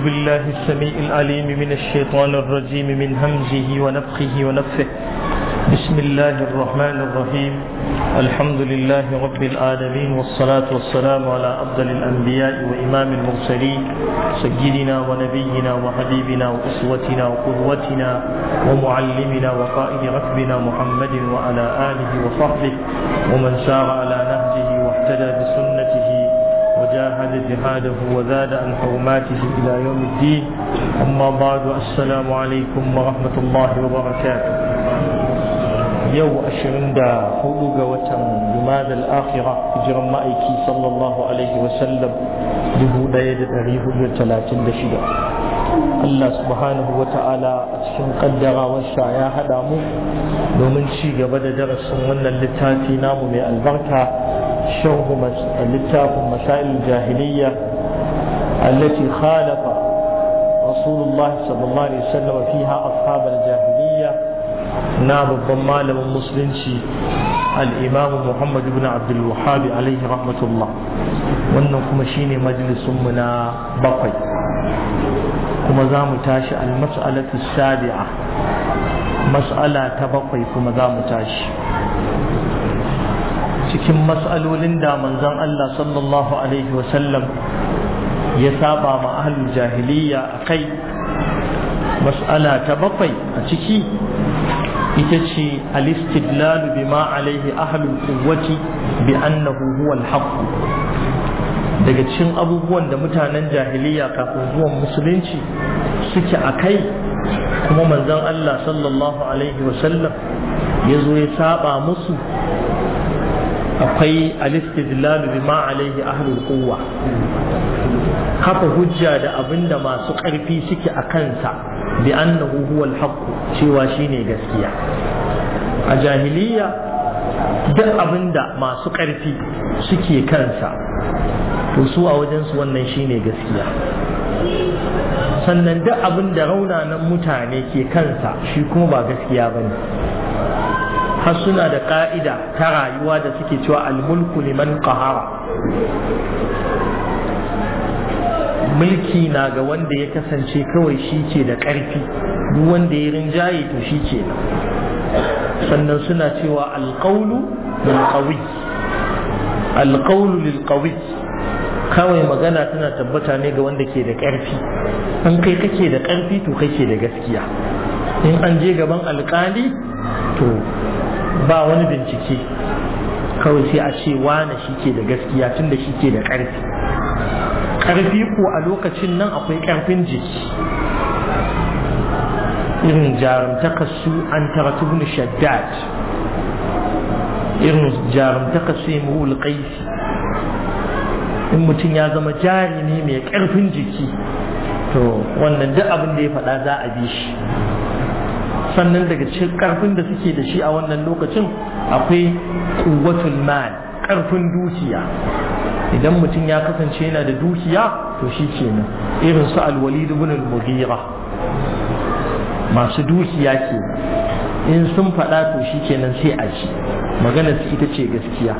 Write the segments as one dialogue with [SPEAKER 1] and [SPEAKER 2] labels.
[SPEAKER 1] بالله السميع العليم من الشيطان الرجيم من همزه ونفخه ونفه بسم الله الرحمن الرحيم الحمد لله رب العالمين والصلاة والسلام على أفضل الأنبياء وإمام المرسلين سيدنا ونبينا وحبيبنا وأسوتنا وقدوتنا ومعلمنا وقائد ركبنا محمد وعلى آله وصحبه ومن سار على نهجه واهتدى بسنة وجاهد جهاده وزاد عن حرماته إلى يوم الدين أما بعد السلام عليكم ورحمة الله وبركاته يو أشرين دا حلوغ وتم جماد الآخرة جرم مأيكي صلى الله عليه وسلم لهو دا يدد أريه وثلاثين دشدا Allah subhanahu wa ta'ala a cikin kaddarawarsa ya haɗa mu domin ci gaba da darasin wannan littafi namu mai albarka شرح للتاف مسائل الجاهلية التي خالف رسول الله صلى الله عليه وسلم فيها أصحاب الجاهلية ناب الضمال والمسلم الإمام محمد بن عبد الوهاب عليه رحمة الله وأنكم شيني مجلس منا بقي كما زام تاشي المسألة السابعة مسألة تبقي كما زام تاشي cikin matsalolin da manzon Allah sallallahu alaihi wasallam ya saba a ahlul jahiliya akai mas'ala ta bakwai a ciki ita ce alistidlalu bima alaihi ahlul quwwati bi annahu huwa alhaq daga cikin abubuwan da mutanen jahiliya kafin zuwan musulunci suke a kai kuma manzon Allah sallallahu alaihi wasallam ya zo ya saba musu akwai al-istidlal bima alaihi ahlul quwwa kafa hujja da abinda masu ƙarfi suke a kansa bi annahu huwa alhaq cewa shine gaskiya a jahiliya duk abinda masu ƙarfi suke kansa to su a wajensu wannan shine gaskiya sannan duk abinda raunanan mutane ke kansa shi kuma ba gaskiya bane har suna da ka'ida ta rayuwa da suke cewa almulku liman qahara mulki na ga wanda ya kasance kawai shi ke da ƙarfi duk wanda ya rinjaye to shi ke sannan suna cewa alƙaulu lilƙawi lilƙawi kawai magana tana tabbata ne ga wanda ke da ƙarfi an kai kake da ƙarfi to kake da gaskiya in an je gaban alƙali to ba wani bincike kawai sai a ce wane shi ke da gaskiya tun da shi ke da ƙarfi ƙarfi ko a lokacin nan akwai ƙarfin jiki irin jarumtaka su an tara tuhun shaddad irin jarumtaka su ya muhul ƙaifi in mutum ya zama jari ne mai ƙarfin jiki to wannan duk abin da ya faɗa za a bi shi sannan daga cikin karfin da suke da shi a wannan lokacin akwai kuwatul mal karfin dukiya idan mutum ya kasance yana da dukiya to shi kenan irin su alwalid ibn al-mughira masu dukiya ke in sun faɗa to shi kenan sai a ci magana su ita ce gaskiya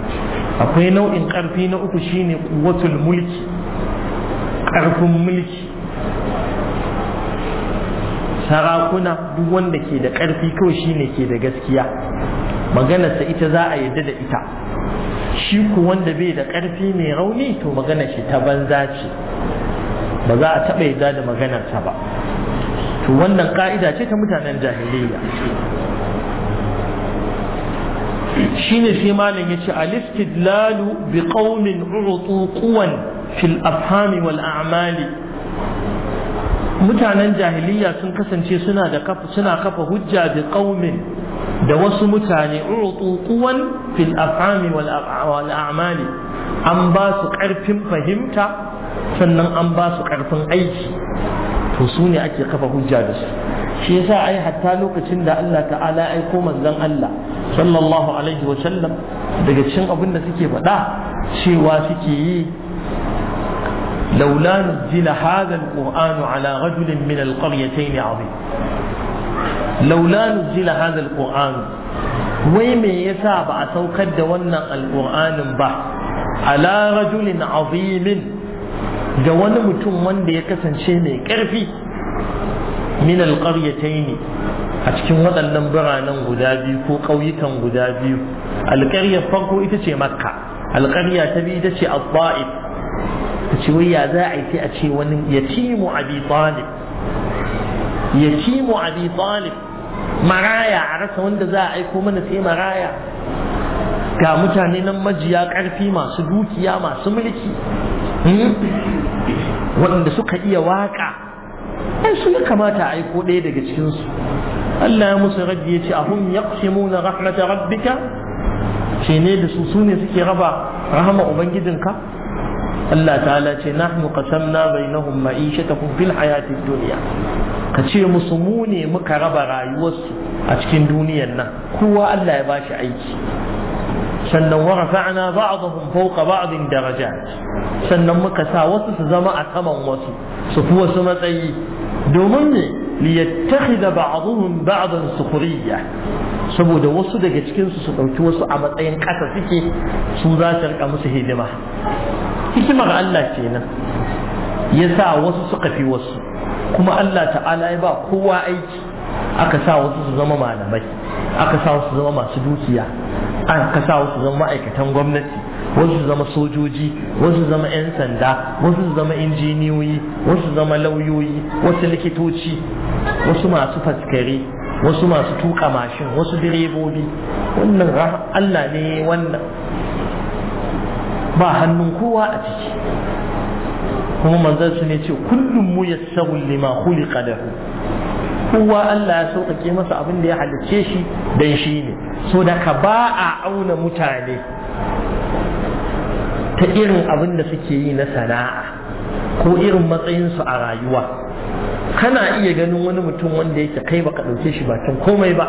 [SPEAKER 1] akwai nau'in karfi na uku shine kuwatul mulki karfin mulki sarakuna duk wanda ke da ƙarfi kawai shine ke da gaskiya maganarsa ita za a yadda da ita shi ku wanda bai da ƙarfi mai rauni to maganar shi ta banza ce ba za a taɓa yadda da maganarsa ba to wannan ƙa'ida ce ta mutanen jahiliya shine sai malam ya ce alistidlalu bi qaumin urutu quwan fil afhami wal a'mali mutanen jahiliya sun kasance suna da kafa suna kafa hujja bi qaumin da wasu mutane utu quwan fil afhami wal a'mali an ba su karfin fahimta sannan an ba su karfin aiki to su ne ake kafa hujja da su shi yasa ai hatta lokacin da Allah ta'ala aiko manzon Allah sallallahu alaihi wa sallam daga cikin abin da suke faɗa cewa suke yi لولا نزل هذا القرآن على رجل من القريتين عظيم لولا نزل هذا القرآن ويم يساب أسوكد ون القرآن به على رجل عظيم جوان متون وند يكسن شيء كرفي من القريتين a cikin waɗannan biranen guda biyu ko ƙauyukan guda biyu alƙaryar farko ita ce makka alƙarya ta biyu ita ce al-ba'id ta ce wai ya za a yi sai a ce wani ya ci mu abi talib ya abi talib maraya a rasa wanda za a aiko mana sai maraya ga mutane nan majiya ƙarfi masu dukiya masu mulki hmm? waɗanda suka iya waƙa ai su ya kamata a aiko ɗaya daga cikinsu Allah ya musu rabbi ya ce ahum yaqsimuna rahmata rabbika ce ne da su sune suke raba rahama ubangijinka Allah ta'ala ce nahnu qasamna bainahum ma'ishatahum fil hayatid dunya ka ce musu mu ne muka raba rayuwarsu a cikin duniyar nan kowa Allah ya bashi aiki sannan wa rafa'na ba'dahum fawqa ba'din darajat sannan muka sa wasu su zama a saman wasu su fi wasu matsayi domin ne liyattakhidha ba'dhum ba'dan sukhriya saboda wasu daga cikin su su dauki wasu a matsayin kasa suke su za su rika musu hidima hikimar Allah kenan yasa wasu suka fi wasu kuma Allah ta'ala ya ba kowa aiki aka sa wasu su zama malamai aka sa wasu su zama masu dukiya aka sa wasu su zama ma'aikatan gwamnati wasu zama sojoji wasu zama 'yan sanda wasu zama injiniyoyi wasu zama lauyoyi wasu likitoci wasu masu faskare wasu masu tuka mashin wasu direbobi wannan Allah ne wannan ba hannun kowa a ciki kuma manzon su ne ce kullum mu yassaru lima khuliqa lahu kowa Allah ya sauƙaƙe masa abin da ya halicce shi dan shi ne so da ka ba a auna mutane ta irin abin da suke yi na sana'a ko irin matsayinsu a rayuwa kana iya ganin wani mutum wanda yake kai baka ɗauke shi bakin komai ba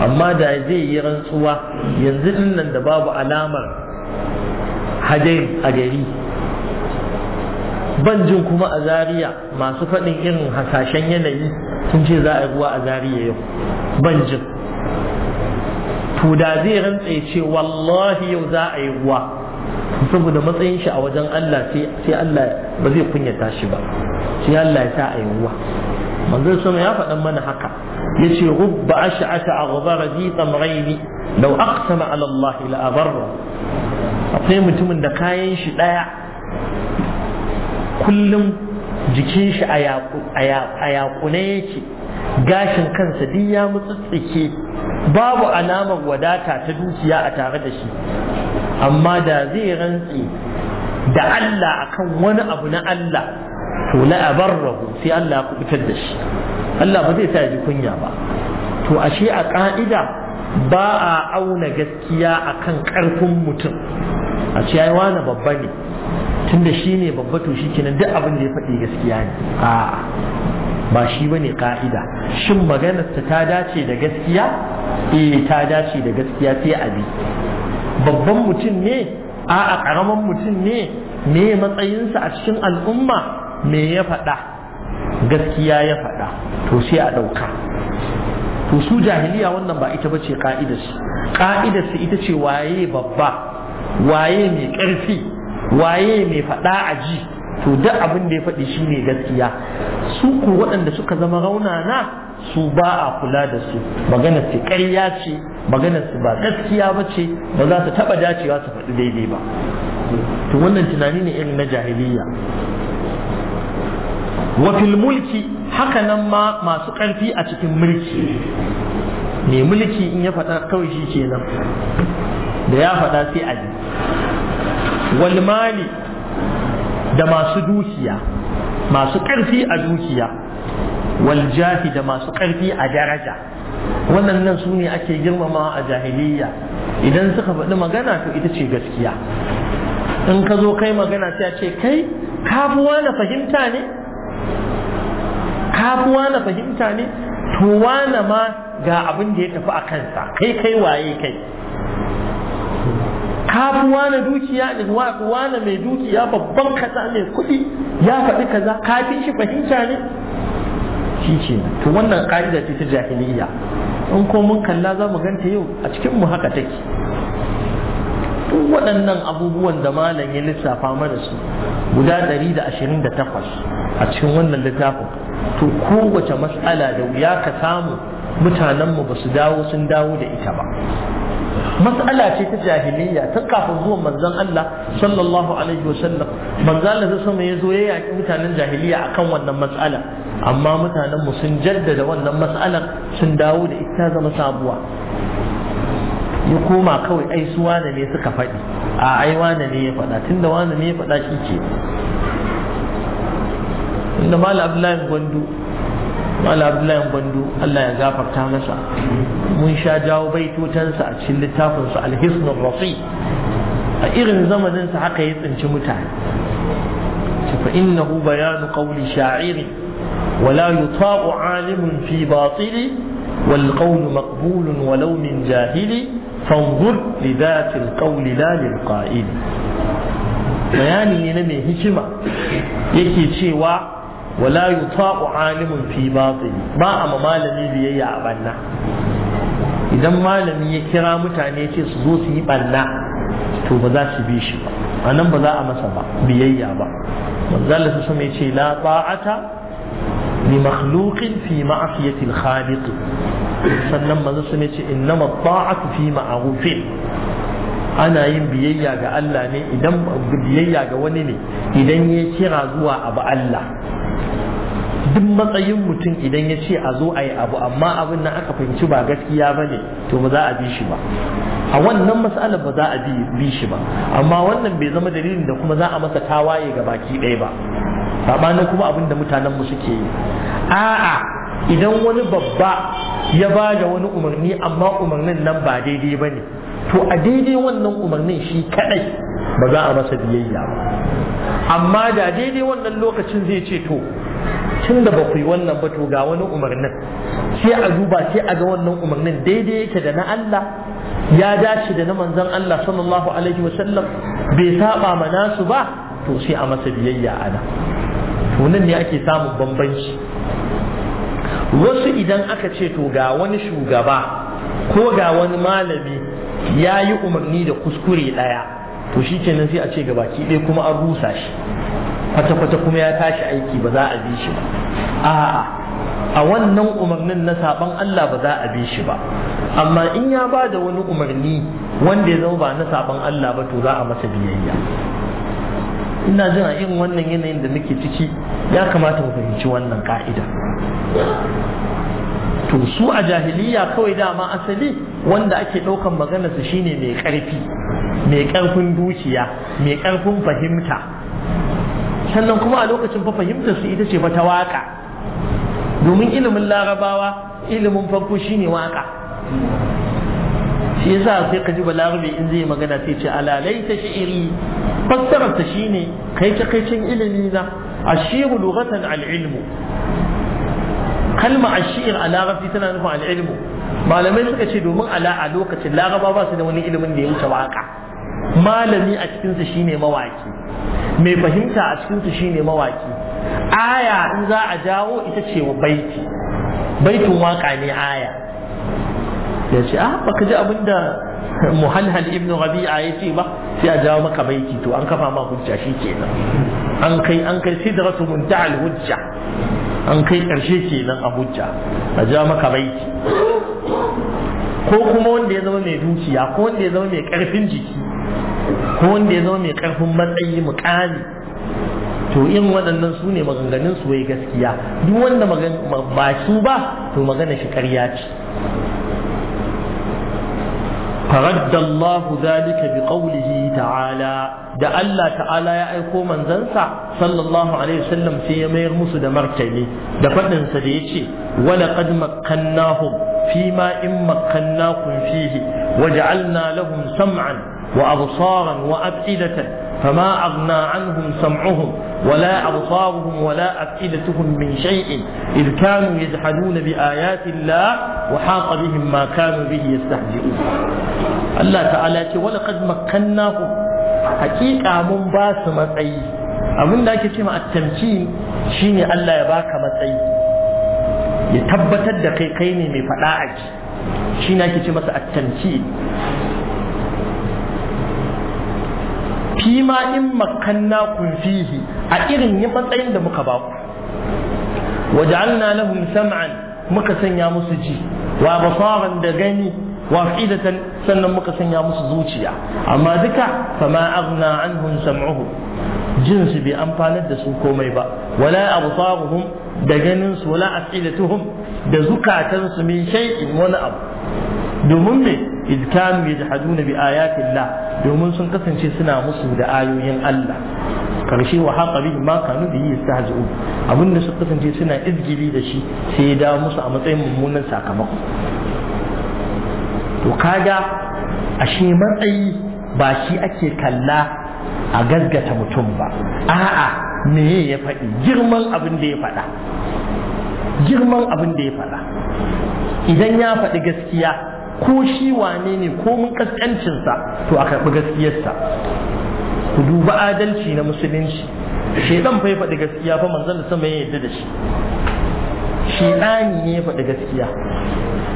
[SPEAKER 1] amma da zai yi rantsuwa yanzu din nan da babu alamar hajjai a gari ban jin kuma a zariya masu faɗin irin hasashen yanayi sun ce za a yi ruwa a zariya yau ban jin to zai rantsa ya ce wallahi yau za a yi ruwa saboda matsayin shi a wajen Allah sai Allah ba zai kunyata shi ba sai Allah ya sa a yiwuwa manzon sama ya faɗan mana haka yace rubba ash'ata aghbara di tamraini law aqsama ala Allah la abarra akwai mutumin da kayan shi daya kullum jikin shi a yakune yake gashin kansa duk ya mutsitsike babu alamar wadata ta dukiya a tare da shi amma da zai rantsi da Allah akan wani abu na Allah to la abarrahu sai Allah ya kubutar da shi Allah ba zai sa ji kunya ba to ashe a ka'ida ba a auna gaskiya akan karfin mutum a ce ai wani babba ne tunda shi ne babba to shikenan duk abin da ya faɗi gaskiya ne a ba shi bane ka'ida shin maganarsa ta dace da gaskiya eh ta dace da gaskiya sai a bi babban mutum ne a'a karaman mutum ne me matsayinsa a cikin al'umma me ya faɗa gaskiya ya faɗa to sai a ɗauka to su jahiliya wannan ba ita bace ka'idarsu ƙa'idarsu ita ce waye babba waye mai ƙarfi waye mai faɗa a ji to duk abin da ya faɗi shi ne gaskiya su ku waɗanda suka zama raunana su ba a kula da su magana su ƙarya ce magana su ba gaskiya ba ce ba za su taɓa dacewa su faɗi daidai ba to wannan tunani ne irin na jahiliya wafil mulki haka nan ma masu ƙarfi a cikin mulki mai mulki in ya faɗa kawai shi nan? da ya faɗa sai a ji walmali da masu dukiya masu ƙarfi a dukiya wal da masu ƙarfi a daraja waɗannan su ne ake girmama a jahiliya idan suka faɗi magana to ita ce gaskiya in ka zo kai magana sai a ce kai kafuwa na fahimta ne kafuwa na fahimta ne to wane ma ga abin da ya tafi a kansa kai kai waye kai kafuwa na dukiya ne wane mai dukiya babban kaza mai kuɗi ya faɗi kaza kafin shi fahimta ne shi ce to wannan ƙa'ida ce ta jahiliya in ko mun kalla za mu ganta yau a cikin mu haka take duk waɗannan abubuwan da malam ya lissafa mana su guda 128 a cikin wannan littafin to kowace matsala da wuya ka samu mutanenmu ba su dawo sun dawo da ita ba matsala ce ta jahiliya ta kafin zuwan manzon Allah sallallahu alaihi wasallam manzon Allah sai ya zo ya yaki mutanen jahiliya akan wannan matsala amma mutanenmu sun jaddada wannan mas'alar sun dawo da ita zama sabuwa ya koma kawai ai su wane ne suka faɗi a ai wane ne ya faɗa tunda wane ne ya faɗa shi ke inda mala abdullahi gwandu mala abdullahi gwandu Allah ya gafarta masa mun sha jawo baitotansa a cikin littafinsa alhisnul rasi a irin zamaninsa haka ya tsinci mutane fa innahu bayanu qawli sha'irin ولا يطاع عالم في باطل والقول مقبول ولو من جاهل فانظر لذات القول لا للقائل bayani ne na mai hikima yake cewa wala yuta'u alimun fi batil ba a malami biyayya a banna idan malamin ya kira mutane ce su zo su yi banna to ba za su shi ba a nan ba za a masa ba biyayya ba manzala su sama ya ce la ta'ata لمخلوق في معصية الخالق sannan manzo sun ce inna ta'atu fi ma'rufin ana yin biyayya ga Allah ne idan biyayya ga wani ne idan ya kira zuwa abu Allah duk matsayin mutum idan ya ce a zo a yi abu amma abin nan aka fahimci ba gaskiya ba ne to ba za a bi shi ba a wannan matsalar ba za a bi shi ba amma wannan bai zama dalilin da kuma za a masa tawaye ga baki ɗaya ba sabanin kuma abin da mutanen mu suke yi a'a idan wani babba ya ba da wani umarni amma umarnin nan ba daidai ba ne to a daidai wannan umarnin shi kadai ba za a masa biyayya ba amma da daidai wannan lokacin zai ce to tun da ba ku yi wannan ba to ga wani umarnin sai a duba sai a ga wannan umarnin daidai yake da na Allah ya dace da na manzon Allah sallallahu alaihi wasallam bai saba ma nasu ba to sai a masa biyayya ana to nan ne ake samun bambanci wasu idan aka ce to ga wani shugaba ko ga wani malami ya yi umarni da kuskure ɗaya to shi kenan sai a ce gabaki ɗaya kuma an rusa shi kwata-kwata kuma ya tashi aiki ba za a bi shi ba a'a a wannan umarnin na saban Allah ba za a bi shi ba amma in ya ba da wani umarni wanda ya zama ba na saban Allah ba to za a masa biyayya ina jin a irin wannan yanayin da muke ciki ya kamata mu fahimci wannan ka'ida to su a jahiliya kawai dama asali wanda ake ɗaukan su shine mai ƙarfi mai ƙarfin dukiya mai ƙarfin fahimta sannan kuma a lokacin fa fahimtar su ita ce fa ta waka domin ilimin larabawa ilimin farko shine waka shi yasa sai ka ji balarabe in zai magana sai ce alalai ta shi'iri fassarar ta shine kai ta kai cin ilimi na ashiru lughatan al ilmu kalma ashir a larabci tana nufin al ilmu malamai suka ce domin ala a lokacin laraba ba su da wani ilimin da ya wuce waka malami a cikinsa shine mawaki mai fahimta a cikinsa shine mawaki aya in za a jawo ita ce wa baiti baitun waka ne aya ya ce ah baka ji abin da muhalhal ibnu rabi'a ya ce ba sai a jawo maka baiti to an kafa ma hujja shi kenan an kai an kai sidratu muntahal hujja an kai karshe kenan a hujja a jawo maka baiti ko kuma wanda ya zama mai dukiya ko wanda ya zama mai karfin jiki ko wanda ya zama mai karfin matsayi mukami to in waɗannan su ne maganganun su wai gaskiya duk wanda ba su ba to magana shi ƙarya ce فرد الله ذلك بقوله تعالى da Allah ta'ala ya aiko manzansa sallallahu alaihi wasallam sai ya mayar musu da martani da faɗin sa da yace wala qad makkannahum fi ma in makkannakum fihi waja'alna lahum sam'an وأبصارا وأفئدة فما أغنى عنهم سمعهم ولا أبصارهم ولا أفئدتهم من شيء إذ كانوا يجحدون بآيات الله وحاق بهم ما كانوا به يستهزئون الله تعالى ولقد مكناهم حقيقة من باس مطعي أمن لك كما التمكين شيني الله يباك مطعي يتبتد دقيقين من فلاعك شيني كما التمكين shi ma in makanna kun fihi a irin yin matsayin da muka baku waja'alna lahum sam'an muka sanya musu ji wa basaran da gani wa afidatan sannan muka sanya musu zuciya amma duka fama aghna anhum sam'uhu. jin su bai amfanar da su komai ba wala absaruhum da ganin su wala afidatuhum da zukatansu min shay'in wani abu domin me إذ كانوا يجحدون بآيات الله domin سن kasance شي musu da ayoyin Allah. karshe wa haka bihi ma kanu bihi yastahzi'u abin da su kasance suna izgili da shi sai ya dawo musu a matsayin mummunan sakamako to kaga ashe matsayi ba shi ake kalla a gazgata mutum ba a'a me ya faɗi girman abin da ya faɗa girman abin da ya faɗa idan ya faɗi gaskiya ko shi wane ne ko mun kaskancinsa to a karɓi gaskiyarsa ku duba adalci na musulunci shedan fa ya faɗi gaskiya fa manzon da sama ya yadda da shi shedani ne ya faɗi gaskiya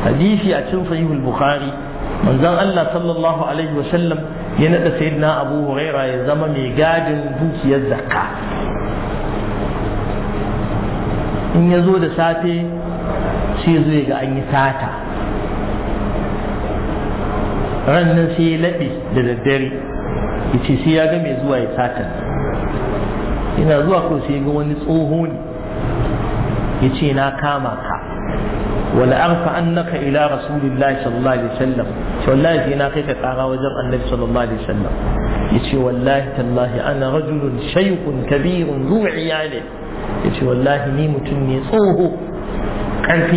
[SPEAKER 1] hadisi a cikin sahihul bukhari manzon Allah sallallahu alaihi wa sallam ya nada sayyidina Abu Hurairah ya zama mai gadin dukiyar zakka in ya zo da safe sai zo ga an yi sata rannan sai ya laɓe da daddare ya ce sai ya ga mai zuwa ya satan ina zuwa ko sai ga wani tsoho ne ya ce na kama ka wala arfa annaka ila rasulillahi sallallahu alaihi wasallam wallahi sai na kai ka tsara wajen annabi sallallahu alaihi wasallam ya ce wallahi tallahi ana rajulun shaykhun kabirun zu iyali ya ce wallahi ni mutum ne tsoho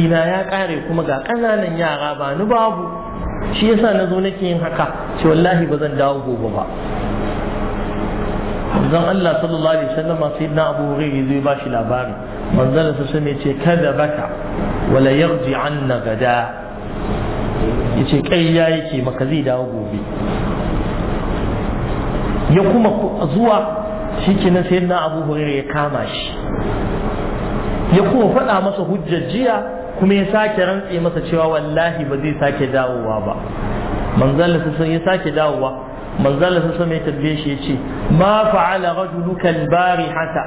[SPEAKER 1] na ya kare kuma ga ƙananan yara ba ni babu shi yasa na zo nake yin haka ce wallahi ba zan dawo gobe ba manzon Allah sallallahu alaihi wasallam sai na Abu Hurairah zai ba shi labari manzon sa sai ce kada baka wala yarji anna gada yace ƙarya yake maka zai dawo gobe ya kuma zuwa shikenan sai na Abu Hurairah ya kama shi ya kuma faɗa masa hujjar jiya kuma ya sake rantsi masa cewa wallahi ba zai sake dawowa ba manzon sassan ya sake dawowa manzon sassan mai ya tabbe shi ya ce ma fa'ala rajuluka bari barihata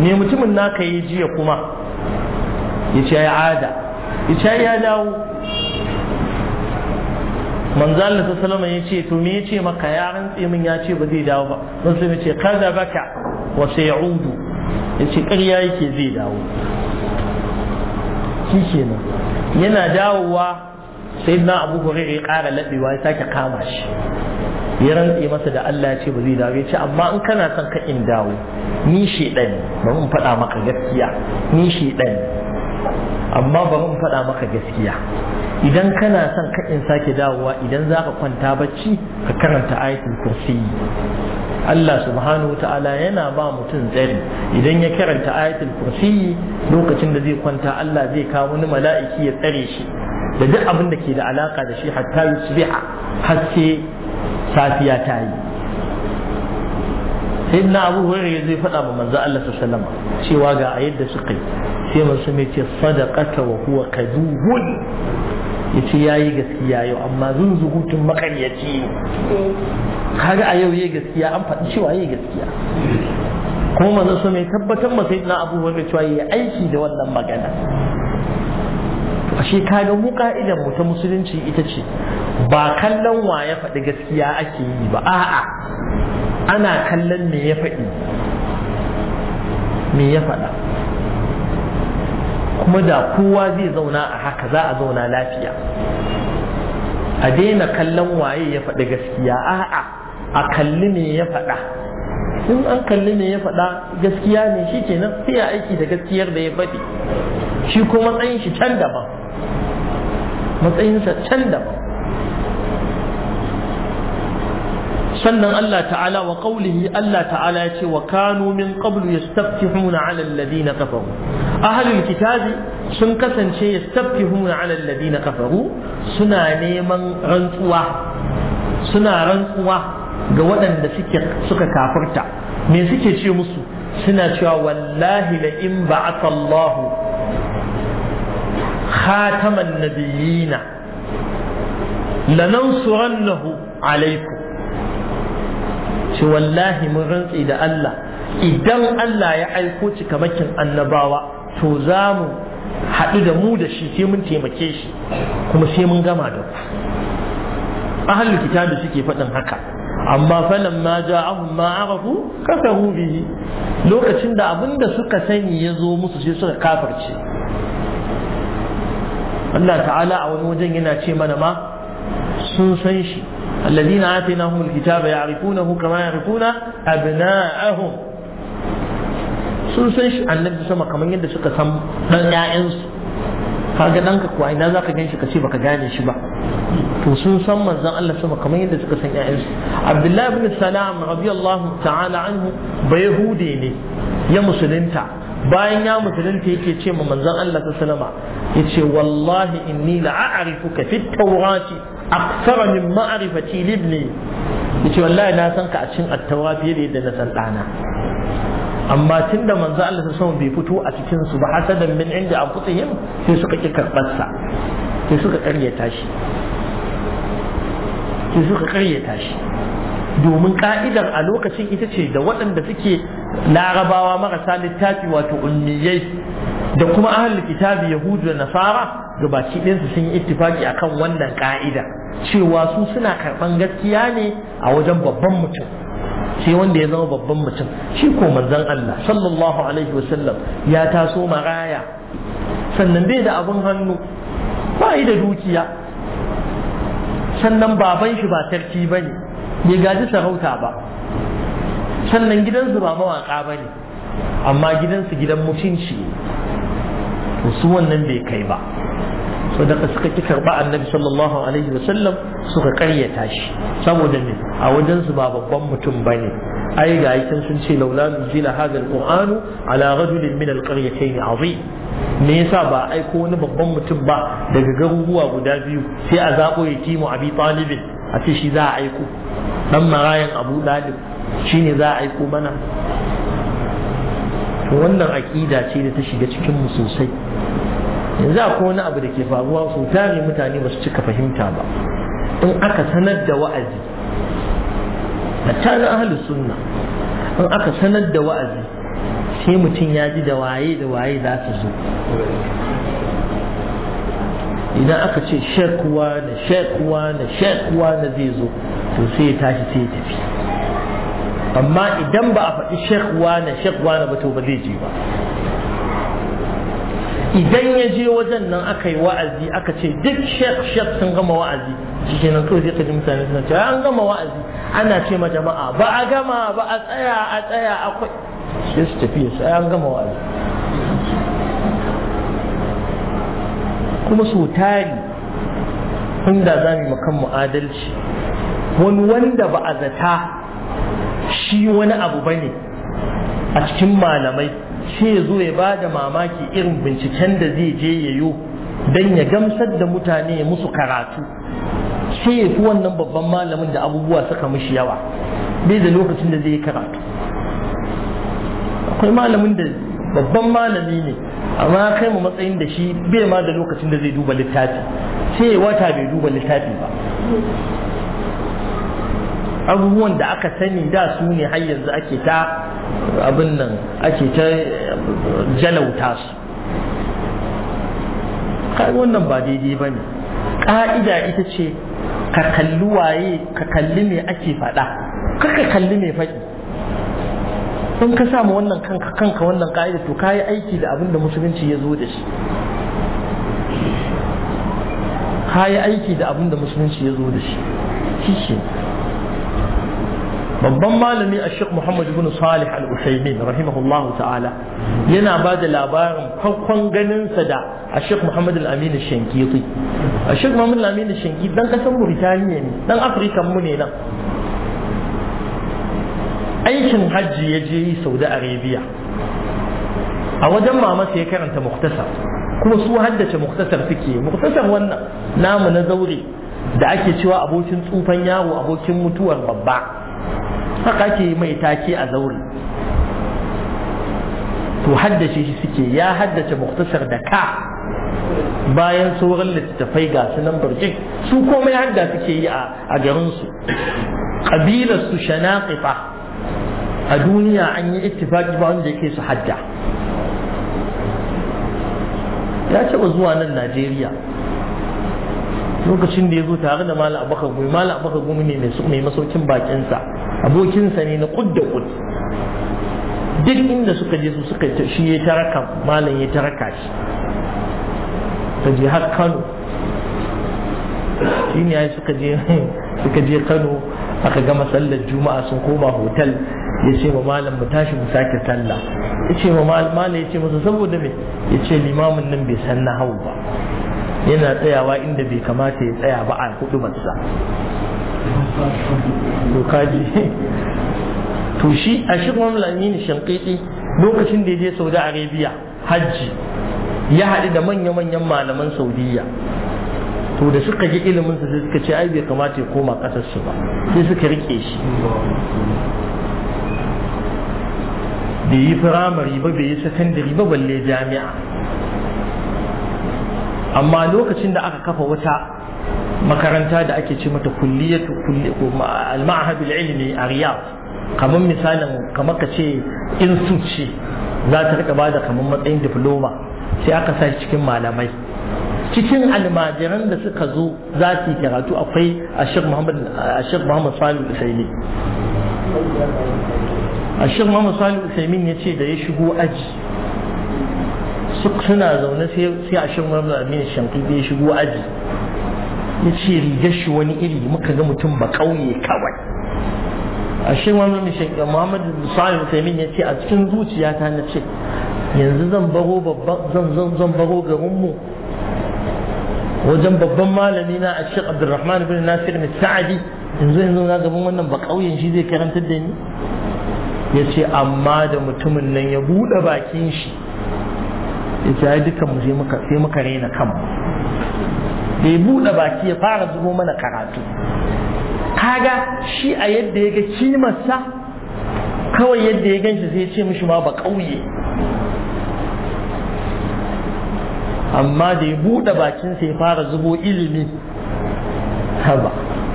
[SPEAKER 1] me mutumin naka yi jiya kuma ya ce ya ada ya ce ya dawo manzon sassan sallallahu ya ce to me ya ce maka ya rantsi min ya ce ba zai dawo ba sassan ya ce kada baka wa sayudu ya ce ƙarya yake zai dawo shi kenan yana dawowa sai na abu hore ya ƙara laɓewa ya sake kama shi ya rantse masa da Allah ya ce ba zai dawo ya ce amma in kana son ka in dawo ni ɗan ba mun faɗa maka gaskiya ni ɗan. amma bari in faɗa maka gaskiya idan kana son kaɗin sake dawowa idan za ka kwanta bacci ka karanta ayatul kursi Allah subhanahu wa ta'ala yana ba mutum tsari idan ya karanta ayatul kursi lokacin da zai kwanta Allah zai kawo wani mala'iki ya tsare shi da duk abin da ke da alaka da shi hatta yusbiha haske safiya ta yi sayyidina Abu Hurairah zai faɗa ma manzo Allah sallallahu alaihi cewa ga a yadda suka yi sai mun su ce sadaqata wa huwa kaduhun ya ce ya yi gaskiya yau amma zun zunzugutun makaryaci eh. kaga a yau ya gaskiya an faɗi cewa ya gaskiya kuma zan so mai tabbatar ma sai na abubuwan da cewa ya aiki da wannan magana shi kaga mu ka'idar mu ta musulunci ita ce ba kallon wa ya faɗi gaskiya ake yi ba a'a ana kallon me ya faɗi me ya faɗa kuma da kowa zai zauna a haka za a zauna lafiya a daina kallon waye ya faɗi gaskiya a'a a kalli ne ya faɗa in an kalli ne ya faɗa gaskiya ne shi kenan sai ya aiki da gaskiyar da ya faɗi shi kuma matsayin shi can daban matsayinsa can daban sannan Allah ta'ala wa qawlihi Allah ta'ala ya ce wa kanu min qablu yastaftihuna 'ala alladhina kafaru Ahalin kitabi sun kasance yastaftihuna 'ala alladhina kafaru suna neman rantsuwa suna rantsuwa ga waɗanda suka kafirta me suke ce musu suna cewa wallahi la in ba'atha Allah khataman nabiyina lanansurannahu alaikum ce wallahi mun rantsi da Allah idan Allah ya aiko cikamakin annabawa to za mu haɗu da mu da shi sai mun taimake shi kuma sai mun gama da ku ahlul kitabi suke faɗin haka amma falan ma ja'ahum ma arafu kafaru bihi lokacin da abinda suka sani ya zo musu sai suka kafarce Allah ta'ala a wani wajen yana ce mana ma sun san shi الذين آتيناهم الكتاب يعرفونه كما يعرفون أبناءهم sun san shi annabi sama kamar yadda suka san dan ƴaƴansu kaga dan ka kuwa ina zaka gan shi ka ce baka gane shi ba to sun san manzon Allah sama kamar yadda suka san ƴaƴansu Abdullahi ibn Salam radiyallahu ta'ala anhu ba yahude ne ya musulunta bayan ya musulunta yake ce ma manzon Allah sallama ce wallahi inni la'arifuka fit tawrati akthar min ma'rifati libni yace wallahi na san ka a cikin attawa fiye da yadda na san ɗana amma tunda manzo Allah sallama bai fito a cikin su ba hasadan min inda anfusihim sai suka ki karbar sa sai suka karyata shi sai suka karye tashi. domin ka'idar a lokacin ita ce da waɗanda suke larabawa marasa littafi wato ummiyai da kuma ahal kitabi yahudu da nasara ga baki ɗinsu sun yi ittifaki akan wannan ka'ida cewa su suna karɓan gaskiya ne a wajen babban mutum sai wanda ya zama babban mutum shi ko manzon Allah sallallahu alaihi wasallam ya taso maraya sannan bai da abin hannu ba da dukiya sannan baban shi ba sarki bane bai gaji sarauta ba sannan gidansu ba mawaƙa ba ne amma gidansu gidan mutunci to su wannan bai kai ba so suka ki karɓa annabi sallallahu alaihi sallam suka karyata shi saboda ne a wajensu ba babban mutum ba ne ai ga yakin sun ce laula nuzila hadha alqur'anu ala rajulin min alqaryatayn azim me yasa ba aiko wani babban mutum ba daga garuruwa guda biyu sai a zabo ya kimo abi talibin a ce shi za a aiko dan marayan abu dalib ne za a aiko mana to wannan aƙida ce da ta shiga cikin mu sosai yanzu akwai wani abu da ke faruwa su tare mutane ba su cika fahimta ba in aka sanar da wa'azi hatta na ahlus sunna in aka sanar da wa'azi sai mutum ya ji da waye da waye za su zo idan aka ce shekuwa na shekuwa na shekuwa na zai zo to sai ya tashi sai ya tafi amma idan ba a faɗi shek wane shek wane ba to ba zai je ba idan ya je wajen nan aka yi wa'azi aka ce duk shek shek sun gama wa'azi shi ke nan kawai zai kaji mutane suna cewa an gama wa'azi ana ce ma jama'a ba a gama ba a tsaya a tsaya akwai sai su tafi su an gama wa'azi kuma su tari inda za mu kan mu adalci wani wanda ba a zata shi wani abu ba ne a cikin malamai sai ya zo ya ba da mamaki irin binciken da zai je ya yi don ya gamsar da mutane ya musu karatu sai ya fi wannan babban malamin da abubuwa suka mishi yawa bai da lokacin da zai yi karatu akwai malamin da babban malami ne amma kai mu matsayin da shi bai ma da lokacin da zai duba littafi sai ya wata bai duba littafi ba abubuwan da aka sani da su ne har yanzu ake ta abin nan ake ta jalauta su kai wannan ba daidai ba ne ƙa'ida ita ce ka kalli waye ka kalli me ake faɗa ka ka kalli me faɗi in ka samu wannan kanka kanka wannan ƙa'ida to ka yi aiki da abin da musulunci ya zo da shi ka yi aiki da abin da musulunci ya zo da shi shi babban malami a shek muhammad ibn salih al-usaimin rahimahullahu ta'ala yana ba da labarin farkon ganinsa da a shek muhammad al-amin shankiti a shek muhammad al-amin shankiti dan kasar burtaniya ne dan afirkan mu ne nan aikin hajji ya je yi saudi arabia a wajen mamasa ya karanta muktasar kuma su haddace muktasar suke muktasar wannan namu na zaure da ake cewa abokin tsufan yawo abokin mutuwar babba haka ake mai take a zaure to haddace shi suke ya haddace muktasar da ka bayan sauran littattafai ga su nan barjik su komai hadda suke yi a garinsu ƙabilar su shanaƙifa a duniya an yi ittifaki ba wanda yake su hadda ya taɓa zuwa nan najeriya lokacin da ya zo tare da malam abubakar gumi malam abubakar gumi ne mai masaukin bakinsa abokinsa ne na kud da kud duk inda suka je su suka shi ya taraka malam ya taraka shi ta je har kano shi ne ai suka je suka je kano aka gama sallar juma'a sun koma hotel ya ce wa malam mu tashi mu sake sallah ya ce wa malam ya ce masa saboda me ya ce limamin nan bai san na hau ba yana tsayawa inda bai kamata ya tsaya ba a hudu matsa to kaji to shi a shirin lamini shankiti lokacin da ya je saudi arabia hajji ya haɗu da manya-manyan malaman saudiya to da suka ji ilimin su suka ce ai bai kamata ya koma ƙasar su ba sai suka rike shi bai yi firamare ba bai yi sakandare ba balle jami'a amma lokacin da aka kafa wata makaranta da ake ce mata kulliyatu al al ilmi a riyadh kamar misalin kamar ka ce su ce za ta rika bada kamar matsayin diploma sai aka sa cikin malamai cikin almajiran da suka zo za su yi karatu akwai ashir muhammad ashir muhammad salim Usaini ashir muhammad salim usaimin ya ce da ya shigo aji suna zaune sai ashir muhammad amin shankidi ya shigo aji ya ce rigar shi wani iri muka ga mutum ba ƙauye kawai a shi wani shekara muhammadu sa'ayi musaimin ya ce a cikin zuciyata na ce yanzu zan baro babban zan baro garinmu wajen babban malami na ashir abdurrahman bin nasir mai sa'adi yanzu yanzu na gaban wannan ba ƙauyen shi zai karantar da ni ya ce amma da mutumin nan ya buɗe bakin shi ya ce ai dukan mu sai muka rena kanmu bai buɗe baki ya fara zubo mana karatu kaga shi a yadda ya ga kimarsa kawai yadda ya ganshi sai ce mishi ma ba ƙauye amma da ya buɗe bakinsa ya fara zubo ilimi haba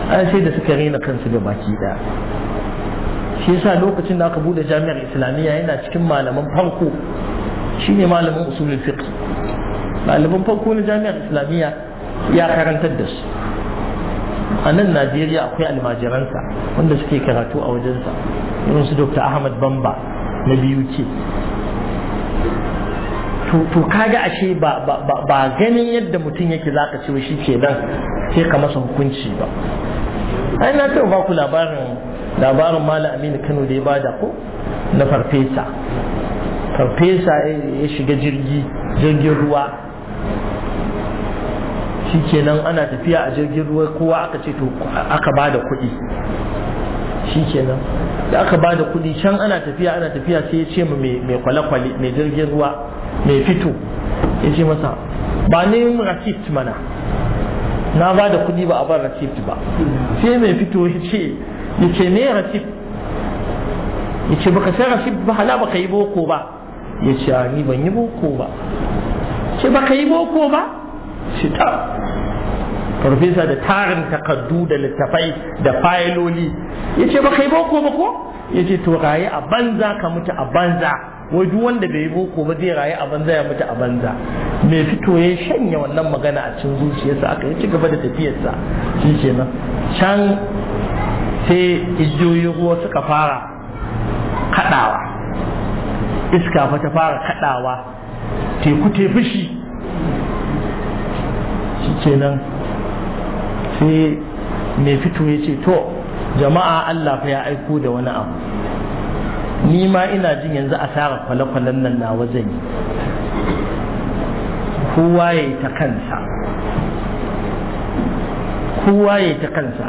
[SPEAKER 1] an sai da suka rena kansu da baki ɗaya shi yasa lokacin da aka buɗe jami'ar islamiyya yana cikin malaman farko shine malamin usulul fiqh malamin farko na jami'ar islamiyya ya karantar da su a nan najeriya akwai almajiransa wanda suke karatu a wajensa irin su dr ahmad bamba na biyu ce to kaga ashe ba ganin yadda mutum yake zaka ce shi ke nan sai ka masa hukunci ba ai na ba ku labarin labarin malam aminu kano da ya bada ko na farfesa farfesa ya shiga jirgi jirgin ruwa shikenan ana tafiya a jirgin ruwa kowa aka ce to aka ba da kuɗi shikenan da aka ba da kuɗi can ana tafiya ana tafiya sai ya ce mu mai kwale-kwale mai jirgin ruwa mai fito ya ce masa ba ne receipt mana na ba da kuɗi ba a bar receipt ba sai mai fito ya ce ya ce ne receipt ya ce baka sai receipt ba hala baka yi boko ba ya ce ni ban yi boko ba ce baka yi boko ba sita farfesa da tarin takardu da littafai da fayiloli
[SPEAKER 2] ya ce ba kai boko
[SPEAKER 1] ba ko ya ce to raye a banza ka mutu a banza wai duk wanda bai yi boko ba zai raye a banza ya mutu a banza mai fito ya shanya wannan magana a cikin zuciyarsa aka ya ci gaba da tafiyarsa shi kenan can sai igiyoyin ruwa suka fara kadawa iska fa ta fara kadawa teku te fushi kenan sai mai fito ya ce to jama'a Allah fa ya aiko da wani abu ni ma ina jin yanzu asarar kwale-kwalen nan na wajen kowa ya yi ta kansa kowa ya yi ta kansa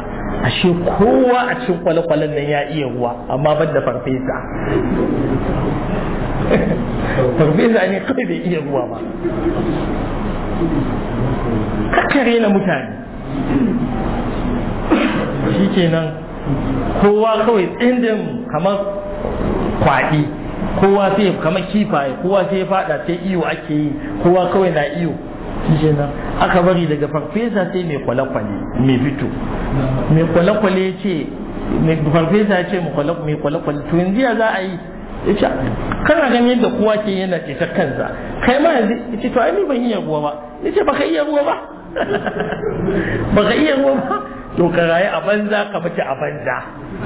[SPEAKER 1] ashe kowa a cikin kwale-kwalen nan ya iya ruwa amma ban da farfesa farfesa ne kawai bai iya ruwa ba kakkare na mutane shi kenan kowa kawai tsindin kamar kwaɗi kowa sai kamar kifaye kowa sai ya fada sai iyo ake yi kowa kawai na iyo shi aka bari daga farfesa sai mai kwale-kwale mai fito mai kwale-kwale ya ce mai farfesa ya ce mai kwale-kwale to yanzu ya za a yi ya ce kana ganin yadda kowa ke yana ce kansa kai ma yanzu ya ce to ai ban yi ruwa ba nace baka iya ruwa ba baka iya ruwa ba to ka rayu a banza ka mace a banza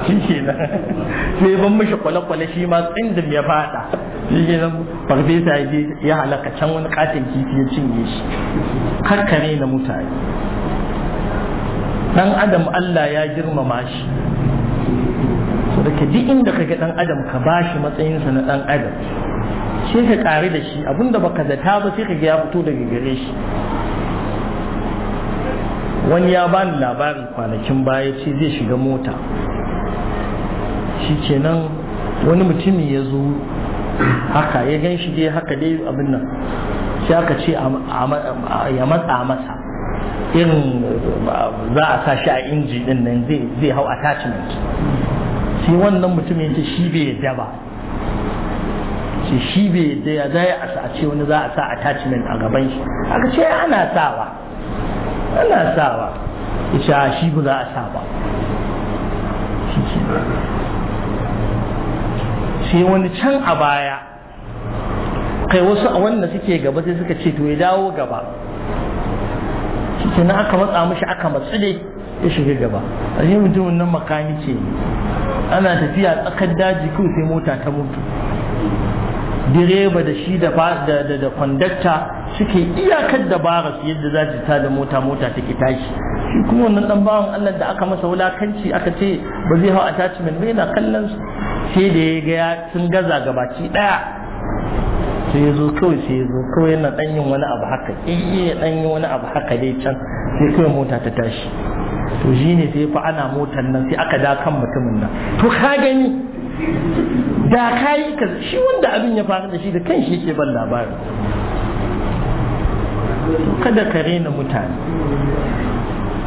[SPEAKER 1] shi ke sai ban mishi kwale-kwale shi ma tsindin ya fada shi nan farfesa ya halaka can wani katin kifi ya cinye shi karkare na mutane dan adam Allah ya girmama shi so duk inda ka ga dan adam ka bashi matsayinsa na dan adam sai ka ƙari da shi abinda baka zata ba sai ka ga ya fito daga gare shi wani ya bani labarin kwanakin baya ce zai shiga mota shi kenan wani mutumi ya zo haka ya gan shi dai haka dai abin nan sai aka ce ya matsa masa irin za a sa shi a inji din nan zai hau attachment sai wannan mutumin ya shi bai yadda ba ce shi bai yadda ya za a sa a ce wani za a sa attachment a gaban shi aka ce ana sawa ana sawa ya ce shi ba za a sa ba sai wani can a baya kai wasu a wanda suke gaba sai suka ce to ya dawo gaba shi na aka matsa mashi aka matsu ne ya shiga gaba a mutumin nan makami ce ana tafiya tsakar daji kawai sai mota ta mutu direba da shi da da kwandakta suke iyakar bara su yadda za su tada mota mota ta tashi shi kuma wannan dan bawan Allah da aka masa wulakanci aka ce ba zai hau attachment ba yana kallon su sai da ya ga sun gaza gabaci daya sai ya zo kawai sai ya zo kawai yana dan yin wani abu haka iya eh, eh, dan yin wani abu haka dai can sai kawai mota ta tashi to shine sai fa ana motar nan sai aka da kan mutumin nan to ka gani da kayi ka shi wanda abin ya faru da shi da kan shi yake ban labarin kada ka rena mutane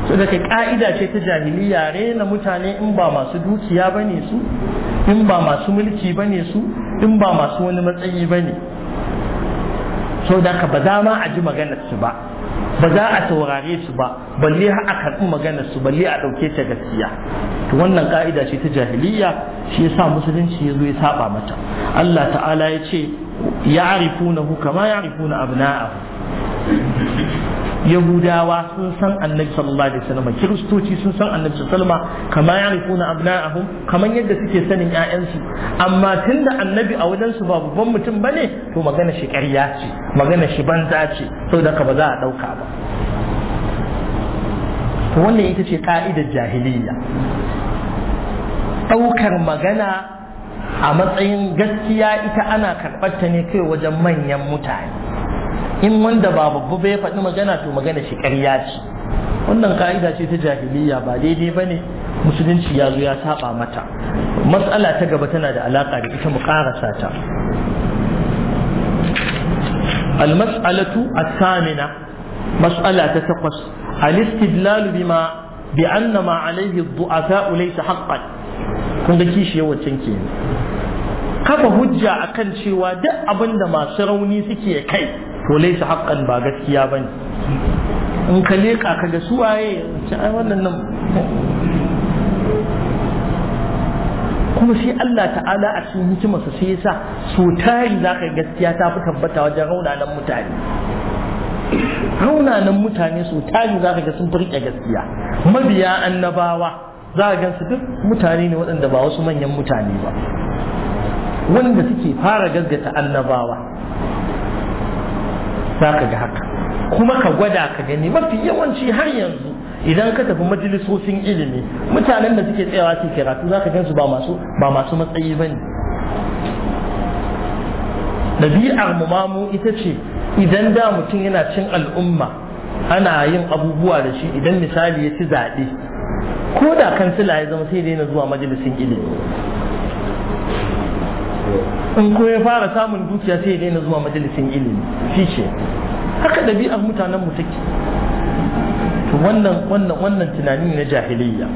[SPEAKER 2] So da ka'ida
[SPEAKER 1] ce ta jahiliya rena mutane in ba masu dukiya ba ne su in ba masu mulki ba ne su in ba masu wani matsayi ba ne so da ka ba za ma a ji maganar su ba ba za a saurare su ba balle har a karɓi maganar su balle a ɗauke ta gaskiya to wannan ka'ida ce ta jahiliya shi yasa musulunci ya zo ya saba mata Allah ta'ala ya ce hu, kama ya'rifuna abna'ahu yahudawa sun san annabi sallallahu alaihi wasallam kiristoci sun san annabi sallallahu alaihi wasallam kama yarifuna abna'ahum kaman yadda suke sanin ƴaƴansu amma tunda annabi a wajen su ba babban mutum bane to magana shi ƙarya ce magana shi banza ce saboda ka ba za a dauka ba to wannan ita ce ka'idar jahiliyya daukar magana a matsayin gaskiya ita ana karɓar ta ne kai wajen manyan mutane in wanda ba babba bai faɗi magana to magana shi ƙarya ce wannan ka'ida ce ta jahiliya ba daidai ba ne musulunci ya zo ya saba mata matsala ta gaba tana da alaƙa da ita mu ƙarasa ta المسألة الثامنة مسألة تتقص الاستدلال بما بأن ما عليه الضعفاء ليس حقا كنت كيش يوم تنكين kafa hujja akan cewa duk abinda masu rauni suke kai ko laisa haƙƙan ba gaskiya bane in ka leƙa ka ga su waye ai wannan nan kuma sai Allah ta'ala a cikin hikimarsa sai yasa so tari zaka gaskiya ta fi tabbata wajen raunanan mutane raunanan mutane so tari zaka ga sun furke gaskiya mabiya annabawa za ka gansu duk mutane ne waɗanda ba wasu manyan mutane ba wanda suke fara gaskata annabawa za ka ga haka kuma ka gwada ka gani mafi yawanci har yanzu idan ka tafi majalisofin ilimi mutanen da suke tsayawa su karatu za ka gansu ba masu matsayi ba ne ɗabi'ar mu mamu ita ce idan da mutum yana cin al'umma ana yin abubuwa da shi idan misali ya ci zaɓe ko da kansila ya zama sai daina zuwa majalisin ilimi in ko ya fara samun dukiya sai ya daina zuwa majalisin ilimi shi ce haka ɗabi'ar mutanen mu take wannan wannan wannan tunani na jahiliyya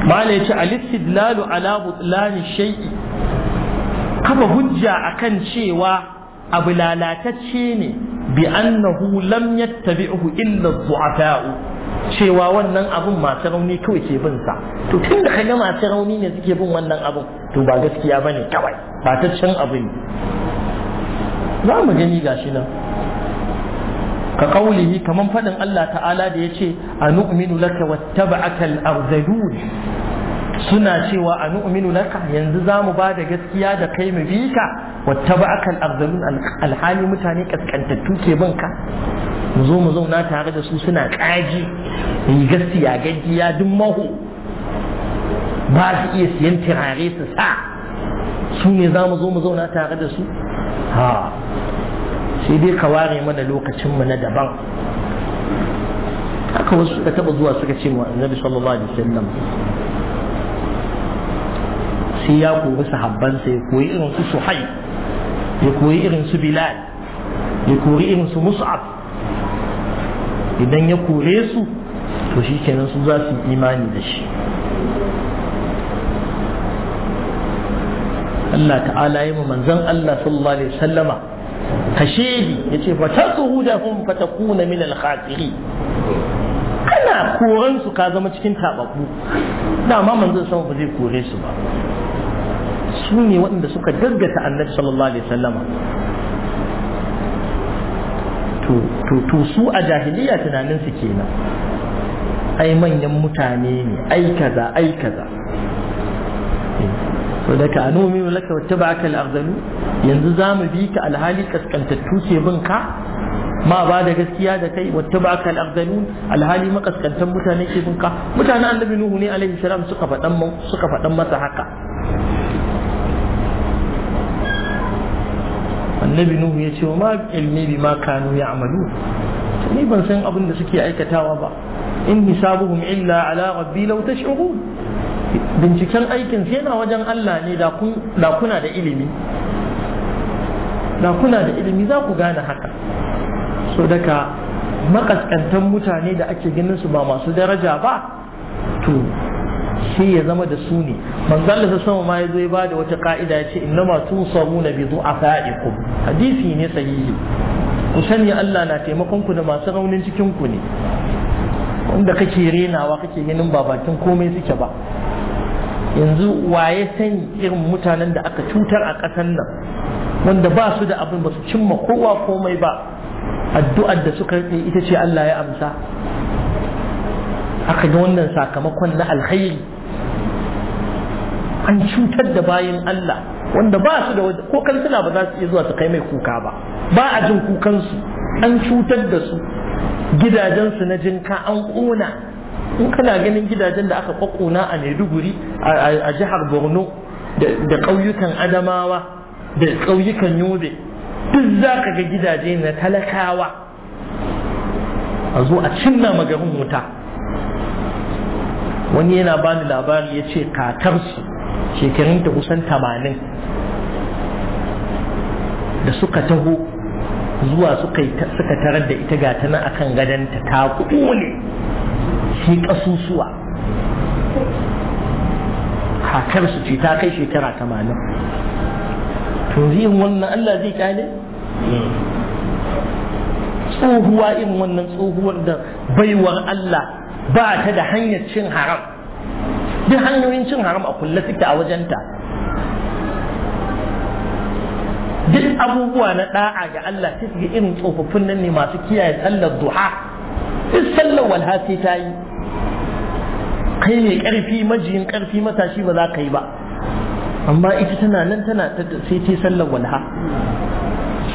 [SPEAKER 1] Malam yace al-istidlalu ala butlan shay'i kafa hujja akan cewa abu lalatacce ne bi annahu lam yattabi'uhu illa du'afa'u cewa wannan abun masu rauni kawai ke bin sa to tun da kaga masu rauni ne suke bin wannan abun to ba gaskiya bane kawai ba ta can abu ne za mu gani gashi nan ka kaulihi kaman fadin Allah ta'ala da yace anu'minu laka wattaba'aka al-arzalun suna cewa anu'minu laka yanzu zamu ba da gaskiya da kai mu bi ka wata ba akan arzalin alhali mutane kaskantattu ke bin ka mu zo mu zauna tare da su suna kaji rigar gajiya duk mahu ba su iya siyan turare su sa su ne za mu zo mu zauna tare da su ha sai dai ka ware mana lokacin mu na daban haka wasu suka taba zuwa suka ce wa annabi sallallahu alaihi wasallam sai ya koyi sahabban sai koyi irin su suhai ya koyi irin su bilal ya koyi irin su mus'ab idan ya kore su to shi kenan su za su imani da shi Allah ta'ala yi manzon Allah sallallahu alaihi wasallama kashedi yace fa tasuhu da hum fatakuna min al kana koransu su ka zama cikin tabaku dama manzon sama ba zai kore su ba su ne waɗanda suka gaggata annabi sallallahu alaihi wasallam to to su a jahiliya tunanin su kenan ai manyan mutane ne ai kaza ai kaza eh, to da ka anomi laka wattaba'aka al-aghdalu yanzu zamu bi ka alhali kaskantattu ce bin ka ma ba da gaskiya da kai wattaba'aka al-aghdalu alhali makaskantan mutane ke bin ka mutanen annabi nuhu ne alaihi salam suka faɗan suka faɗan masa haka annabi nuhu ya ce ma ilmi bi ma kanu ya amalu ni ban san abin da suke aikatawa ba in hisabuhum illa ala rabbi law tash'urun binciken aikin sai yana wajen Allah ne da kun da kuna da ilimi da kuna da ilimi za ku gane haka so daga makaskantan mutane da ake ganin su ba masu daraja ba to sai ya zama da su ne manzalla sa sama ma ya zo ya bada wata ka'ida ya ce inna innama na bi du'afaikum hadisi ne sahihi ku sani Allah na taimakon ku da masu raunin cikin ku ne wanda kake renawa kake ganin ba komai suke ba yanzu waye sani irin mutanen da aka cutar a kasar nan wanda ba su da abin ba su cimma kowa komai ba addu'ar da suka yi ita ce Allah ya amsa aka ga wannan sakamakon na alkhairi an cutar da bayan Allah wanda ba su da wajen kokan suna ba za su iya zuwa su kai mai kuka ba ba a jin kukansu an cutar da su gidajensu na jinka an ƙona in kana ganin gidajen da aka kwakona a maiduguri a jihar borno da ƙauyukan adamawa da ƙauyukan yobe duk za ka ga gidaje na talakawa a zo a cinna magarin wuta wani yana ba ni labari ya ce katarsu shekarunta kusan tamanin da suka taho zuwa suka tarar da ita gata nan akan gadanta ta kone shi ƙasusuwa kakarsu ce ta kai shekara tamanin to yin wannan allah zai kyale hmm. tsohuwa in wannan tsohuwar da baiwar allah ba ta da hanyar cin haram duk hanyoyin cin haram a kulle suke a wajenta duk abubuwa na da'a ga Allah sai ga irin tsofaffin nan ne masu kiyaye sallar duha duk sallar walha sai ta yi kai ne karfi majiyin karfi matashi ba za ka yi ba amma ita tana nan tana sai ta sallar walha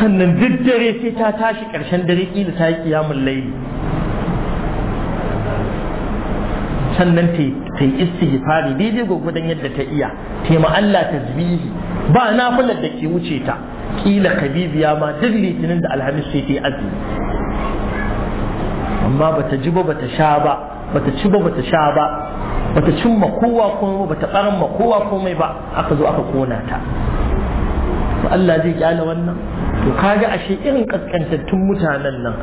[SPEAKER 1] sannan duk dare sai ta tashi ƙarshen dare kila ta yi kiyamun laili sannan ta yi istighfari daidai gwagwadon yadda ta iya taima Allah tasbihi ba nafilar da ke wuce ta kila kabibiya ma duk litinin da alhamis sai ta yi amma bata ji ba bata sha ba bata ci ba bata sha ba bata cimma kowa komai bata karan ma kowa komai ba aka zo aka kona ta Allah zai kyale wannan to kaga ashe irin kaskantattun mutanen nan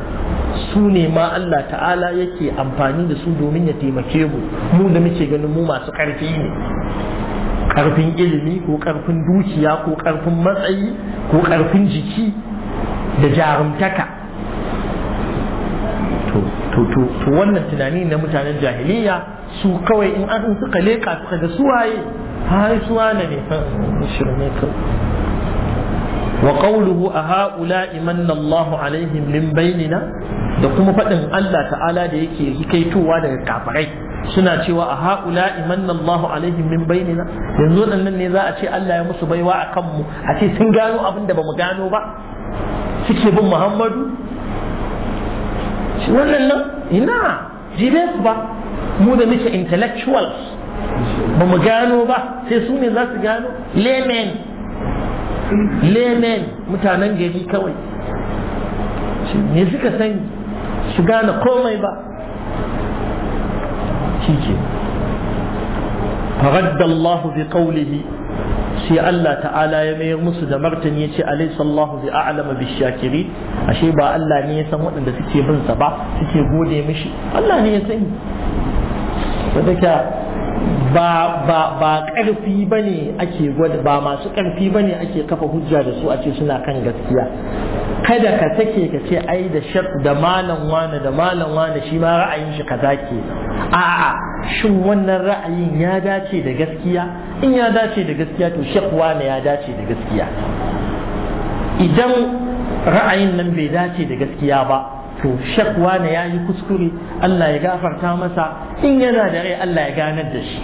[SPEAKER 1] su ne ma Allah ta'ala yake amfani da su domin ya taimake mu mu da muke ganin mu masu ƙarfi ne ƙarfin ilimi ko ƙarfin dukiya ko ƙarfin matsayi ko ƙarfin jiki da jarumtaka to wannan tunani na mutanen jahiliya su kawai in an suka leƙa suka ga suwaye hai suwane ne shirme kawai وقوله أهؤلاء من الله عليهم من بيننا da kuma faɗin Allah ta'ala da yake hikaitowa daga kafirai suna cewa a haƙula imanna Allahu alaihim min bainina yanzu nan ne za a ce Allah ya musu baiwa a kanmu a ce sun gano abin da bamu gano ba suke bin Muhammadu shi wannan nan ina jibe su ba mu da muke intellectuals ba mu gano ba sai su ne za su gano lemen lemen mutanen gari kawai me suka sani Shiga gane komai ba shi ke faradallahu bi qawlihi sai Allah ta'ala ya mayar musu da martani ya ce alaysa Allahu bi a'lama bi shakiri ashe ba Allah ne ya san waɗanda suke bin sa ba suke gode mishi Allah ne ya sani wadaka ba ba ba ƙarfi bane ake gwada ba masu ƙarfi bane ake kafa hujja da su a ce suna kan gaskiya kada ka sake ka ce ai da shar da malam wani da malam wane shi ma ra'ayin shi kaza ke a'a shin wannan ra'ayin ya dace da gaskiya in ya dace da gaskiya to shek wane ya dace da gaskiya idan ra'ayin nan bai dace da gaskiya ba to shakwa ne ya yi kuskure Allah ya gafarta masa in yana da rai Allah ya ganar da shi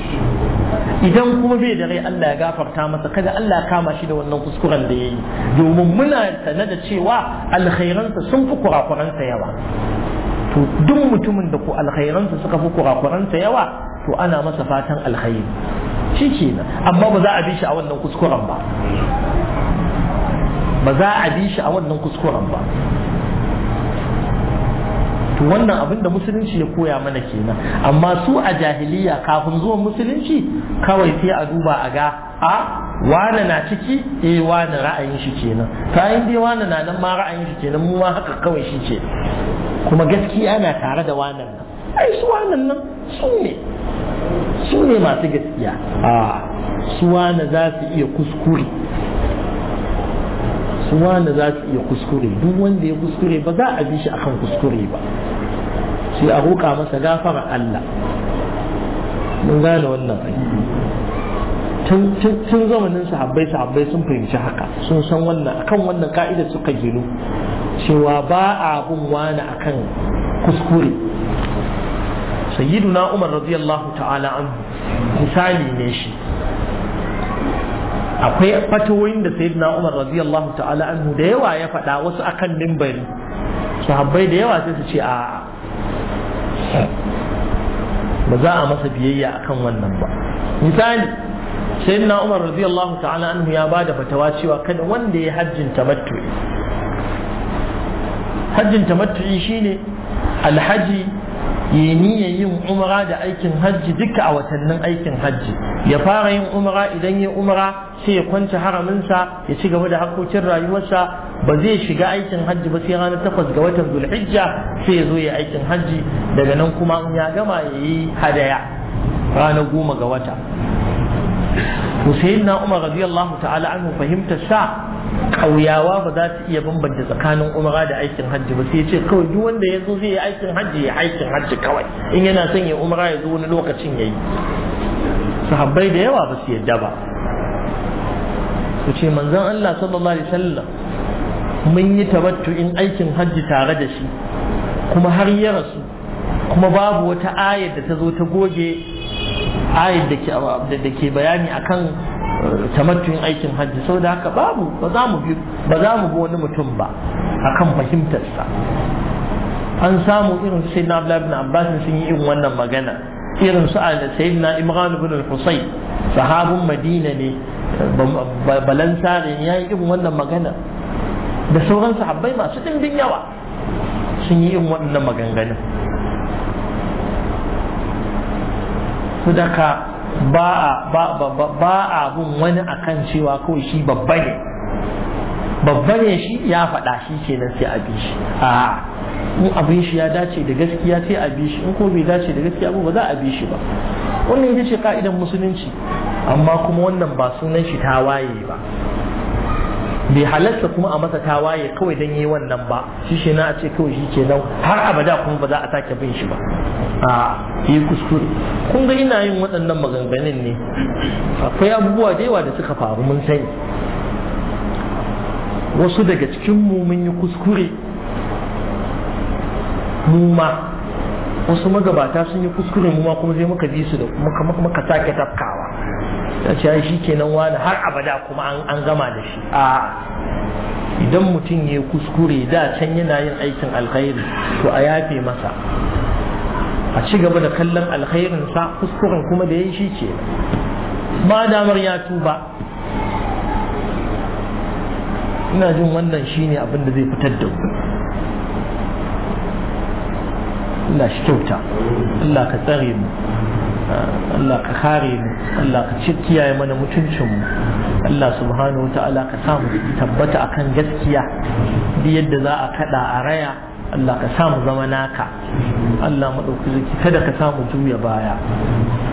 [SPEAKER 1] idan kuma bai da rai Allah ya gafarta masa kada Allah ya kama shi da wannan kuskuren da ya yi domin muna sane da cewa alkhairansa sun fi kurakuransa yawa to duk mutumin da ku alkhairansa suka fi kurakuransa yawa to ana masa fatan alkhairi shi amma ba za a bi shi a wannan kuskuren ba ba za a bi shi a wannan kuskuren ba to wannan abin da musulunci ya koya mana kenan amma su a jahiliya kafin zuwan musulunci kawai sai a duba a ga a wane na ciki eh wane ra'ayin shi kenan ta yin dai wane na nan ma ra'ayin shi kenan mu ma haka kawai shi ce kuma gaskiya na tare da wanan nan ai su wanan nan su ne su ne masu gaskiya a su wane za su iya kuskure su wanda za su iya kuskure duk wanda ya kuskure ba za a bi shi akan kuskure ba sai a roƙa masa gafara Allah mun gane wannan tun zamanin sahabbai sahabbai sun fahimci haka sun san wannan akan wannan ka'ida suka gino cewa ba a bin wani akan kuskure sayyiduna umar radiyallahu ta'ala an misali ne shi akwai fatawoyin da sayyidina Umar radiyallahu ta'ala anhu da yawa ya faɗa wasu akan mimbari sahabbai da yawa sai su ce a ba za a masa biyayya akan wannan ba misali sayyidina Umar radiyallahu ta'ala anhu ya bada fatawa cewa kada wanda ya hajjin tamattu'i hajjin tamattu'i shine alhaji ya niyyar yin umra da aikin hajji duka a watannin aikin hajji ya fara yin umra idan ya umra sai ya kwance haraminsa ya ci gaba da harkokin rayuwarsa ba zai shiga aikin hajji ba sai ranar takwas ga watan zulhijja sai ya zo ya aikin hajji daga nan kuma in ya gama ya yi hadaya ranar goma ga wata Hussein na Umar radiyallahu ta'ala anhu fahimtar sa Ƙauyawa ba za su iya bambanta tsakanin umara da aikin hajji ba sai ce kawai duk wanda ya zo zai yi aikin hajji ya aikin hajji kawai in yana son ya umara ya zo wani lokacin ya yi sahabbai da yawa ba su yadda ba su ce manzon Allah sallallahu alaihi wasallam mun yi in aikin hajji tare da shi kuma har ya rasu kuma babu wata ayar da ta zo ta goge ayar da ke bayani akan Tamattun aikin hajji sau da haka babu ba za mu bi wani mutum ba akan fahimtarsa an samu irin su sayyidina abu ibn Abbas sun yi irin wannan magana irin su sayyidina Imran ibn Husayn sahabun Madina ne balansare ne ya yi irin wannan magana da sauran sahabbai masu dimbin yawa sun yi irin wannan maganganun. ba a bin wani akan cewa kawai shi babba ne babba ne shi ya faɗa shi kenan sai a bi shi a in abin shi ya dace da gaskiya sai a bi shi in ko bai dace da gaskiya ba za a bi shi ba wannan ita ce ka'idan musulunci amma kuma wannan ba sunan shi ta waye ba bai halarta kuma a masa tawaye kawai don yi wannan ba shi shi na ce kawai shi ke nan har abada kuma ba za a sake bin shi ba a yi kuskure kun ga ina yin waɗannan maganganun ne akwai abubuwa da yawa da suka faru mun sani wasu daga cikin mu mun yi kuskure mu wasu magabata sun yi kuskure mu kuma sai muka ji su da muka sake tafkawa ta ce shi kenan wani har abada kuma an gama da shi a idan mutum ya kuskure da can yana yin aikin alkhairi to a yafe masa a ci gaba da kallon sa kuskuren kuma da ya yi shi ke ba damar ya tuba ina jin wannan shine abin da zai fitar da ku Allah shi kyauta Allah ka tsare mu Allah ka kare mu Allah ka kiyaye mana mutuncin mu Allah subhanahu wa ta'ala ka mu tabbata akan gaskiya duk yadda za a kada a raya Allah ka sa mu zama naka Allah maɗaukaki kada ka sa mu juya baya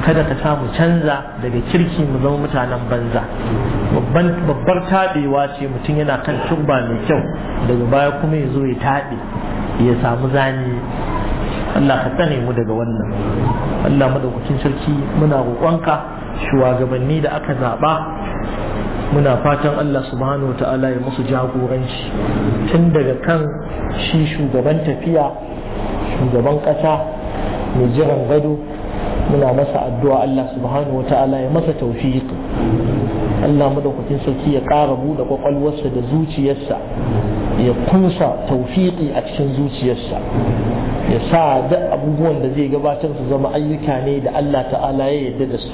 [SPEAKER 1] kada ka sa mu canza daga kirki mu zama mutanen banza babbar taɓewa ce mutum yana kan turba mai kyau daga baya kuma ya zo ya taɓe ya samu zani Allah ka tsare mu daga wannan Allah madaukakin sarki muna roƙonka shugabanni da aka zaɓa muna fatan Allah subhanahu wa ta'ala ya musu jagoranci tun daga kan shi shugaban tafiya shugaban ƙasa mai jiran gado muna masa addu'a Allah subhanahu wa ta'ala ya masa tawfiq Allah madaukakin sarki ya ƙara buɗe kwakwalwarsa da zuciyarsa ya kunsa tawfiqi a cikin zuciyarsa ya sa duk abubuwan da zai gabatar su zama ayyuka ne da Allah ta'ala ya yarda da su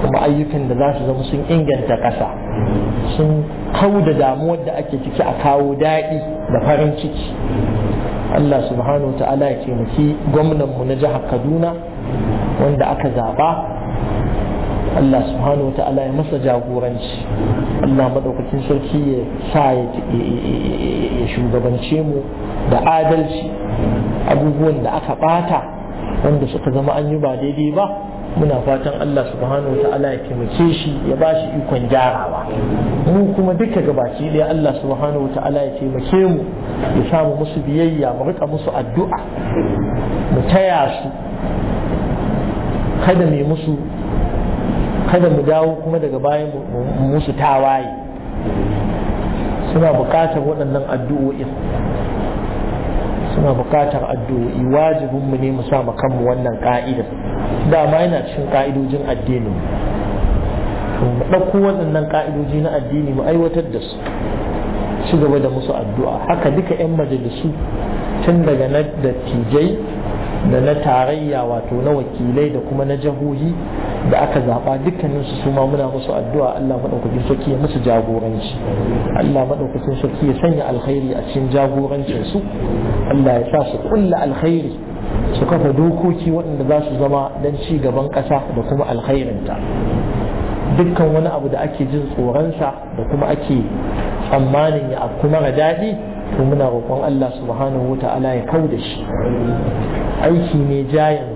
[SPEAKER 1] kuma ayyukan da za su zama sun inganta ƙasa sun kau da damuwar da ake ciki a kawo daɗi da farin ciki Allah subhanahu wa ta'ala ya taimaki gwamnanmu na jihar Kaduna wanda aka zaba Allah subhanahu wa ta'ala ya masa jagoranci Allah madaukakin sarki ya sa ya shugabance mu da adalci abubuwan da aka bata wanda suka zama an yi ba daidai ba muna fatan Allah subhanahu wa ta'ala ya taimake shi ya ba shi ikon gyarawa mu kuma duka gabaki ɗaya Allah subhanahu wa ta'ala ya taimake mu ya samu musu biyayya mu rika musu addu'a mu taya su kada mai musu kada mu dawo kuma daga bayan musu tawaye suna bukatar waɗannan addu'o'in suna bukatar addu'o'i wajibin mu ne mu sa kanmu wannan ka'idar dama yana cikin ka'idojin addini mu ɗauko waɗannan ka'idoji na addini mu aiwatar da su ci gaba da musu addu'a haka duka 'yan majalisu tun daga na dattijai da na tarayya wato na wakilai da kuma na jahohi da aka zaɓa dukkaninsu su ma muna musu addu'a Allah maɗaukakin sarki ya musu jagoranci Allah maɗaukakin sarki ya sanya alkhairi a cikin jagorancinsu Allah ya sa su kulla alkhairi su kafa dokoki waɗanda za su zama don ci gaban ƙasa da kuma alkhairinta dukkan wani abu da ake jin tsoronsa da kuma ake tsammanin ya abu mara daɗi ko muna roƙon Allah subhanahu wa ta'ala ya kau da shi aiki ne jayan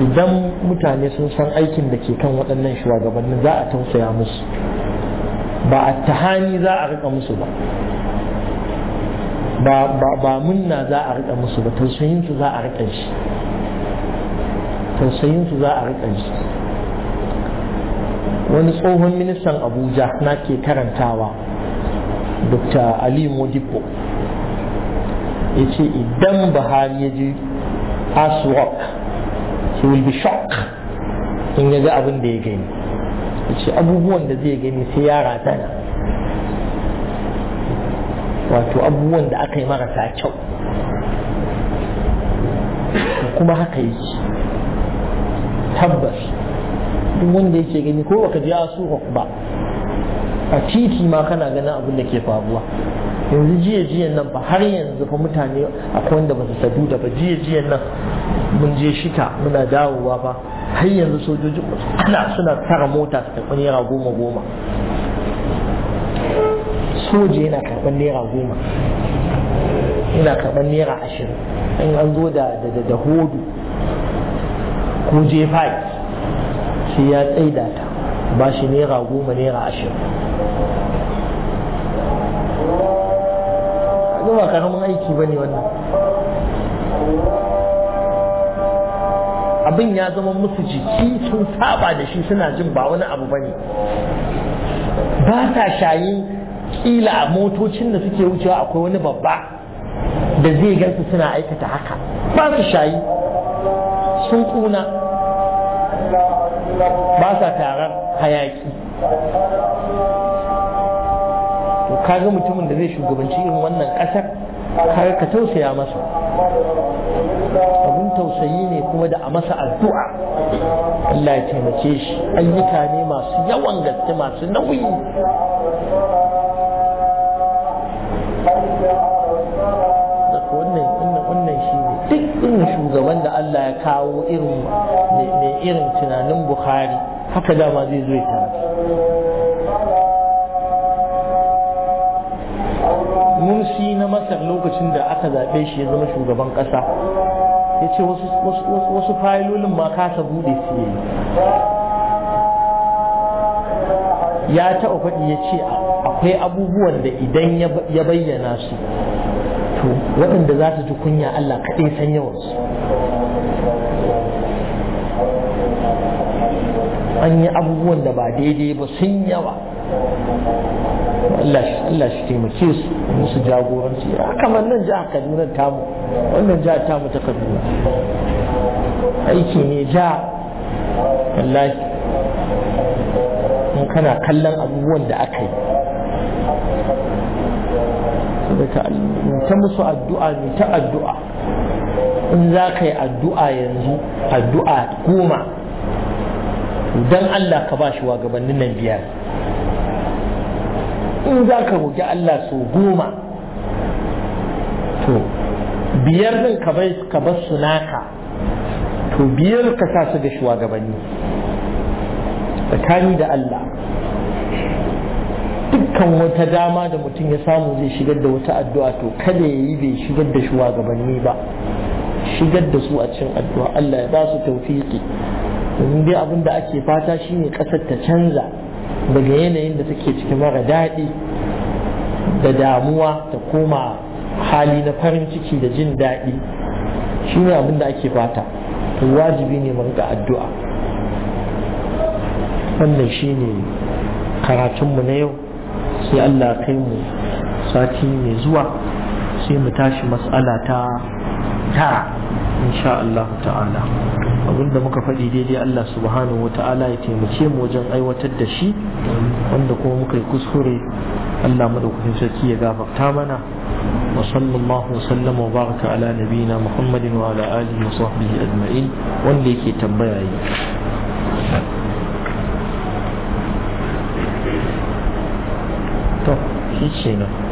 [SPEAKER 1] idan mutane sun san aikin da ke kan waɗannan shugabannin za a tausaya musu ba a tahani za a riƙa musu ba ba munna za a riƙa musu ba tausayinsu za a riƙa shi tausayinsu za a shi wani tsohon ministan abuja na ke karantawa dr ali modibo ya ce idan buhari ya ji aswak he will be shocked in ya ga abin da ya gani ya ce abubuwan da zai gani sai ya ratana wato abubuwan da aka yi marasa kyau kuma haka yake tabbas duk wanda yake gani ko baka ji aswak ba a titi ma kana ganin abin da ke faruwa yanzu jiya jiyan nan ba har yanzu fa mutane a wanda ba su sadu da ba jiya jiyan nan mun je shika muna dawowa ba har yanzu sojoji ana suna tara mota su karɓi naira goma goma soja yana karɓar naira goma yana karɓar naira ashirin in an zo da da hudu ko jefai sai ya tsaida ta ba shi naira goma naira ashirin ga ba karamin aiki ba ne wannan abin ya zama musu jiki sun saba da shi suna jin ba wani abu ba ne ba ta shayi kila a motocin da suke wucewa akwai wani babba da zai gansu suna aikata haka ba su shayi sun kuna ba sa taron hayaki to kaga mutumin da zai shugabanci irin wannan ƙasar kaga ka tausaya masa abun tausayi ne kuma da a masa addu'a Allah ya taimake shi ayyuka ne masu yawan gaske masu nauyi wannan wannan wannan shi ne duk irin shugaban da Allah ya kawo irin mai irin tunanin bukhari haka dama zai zo ya Mun mursi na masar lokacin da aka zaɓe shi ya zama shugaban ƙasa ya ce wasu fayilolin ma kasa buɗe su yi ya taɓa faɗi ya ce akwai abubuwan da idan ya bayyana su to waɗanda za su ji kunya Allah kaɗai san yawansu an yi abubuwan da ba daidai ba sun yawa Allah shi taimake su musu jagoranci Ya kamar nan jihar Kaduna tamu wannan jihar tamu ta Kaduna aiki ne ja Allah in kana kallon abubuwan da aka yi ta musu addu'a ne ta addu'a in za ka yi addu'a yanzu addu'a goma dan Allah ka ba shi wagabannin nan biyar in za ka roƙi Allah so goma to biyar din ka bai ka bar su naka to biyar ka sa su ga shugabanni tsakani da Allah dukkan wata dama da mutum ya samu zai shigar da wata addu'a to kada ya yi bai shigar da shugabanni ba shigar da su a cikin addu'a Allah ya ba su tawfiqi domin dai abin da ake fata shine kasar ta canza daga yanayin da take cikin mara daɗi da damuwa ta koma hali na farin ciki da jin daɗi shine abin da ake fata to wajibi ne mu ga addu'a wannan shine karatunmu na yau sai Allah kai mu sati mai zuwa sai mu tashi matsala ta tara insha Allah ta'ala abinda muka faɗi daidai Allah subhanahu wa ta'ala ya taimake mu wajen aiwatar da shi wanda kuma muka yi kuskure Allah madaukakin sarki ya gafarta mana wa sallallahu sallam wa baraka ala nabiyina Muhammadin wa ala alihi wa sahbihi ajma'in wanda yake tambaya yi to shi kenan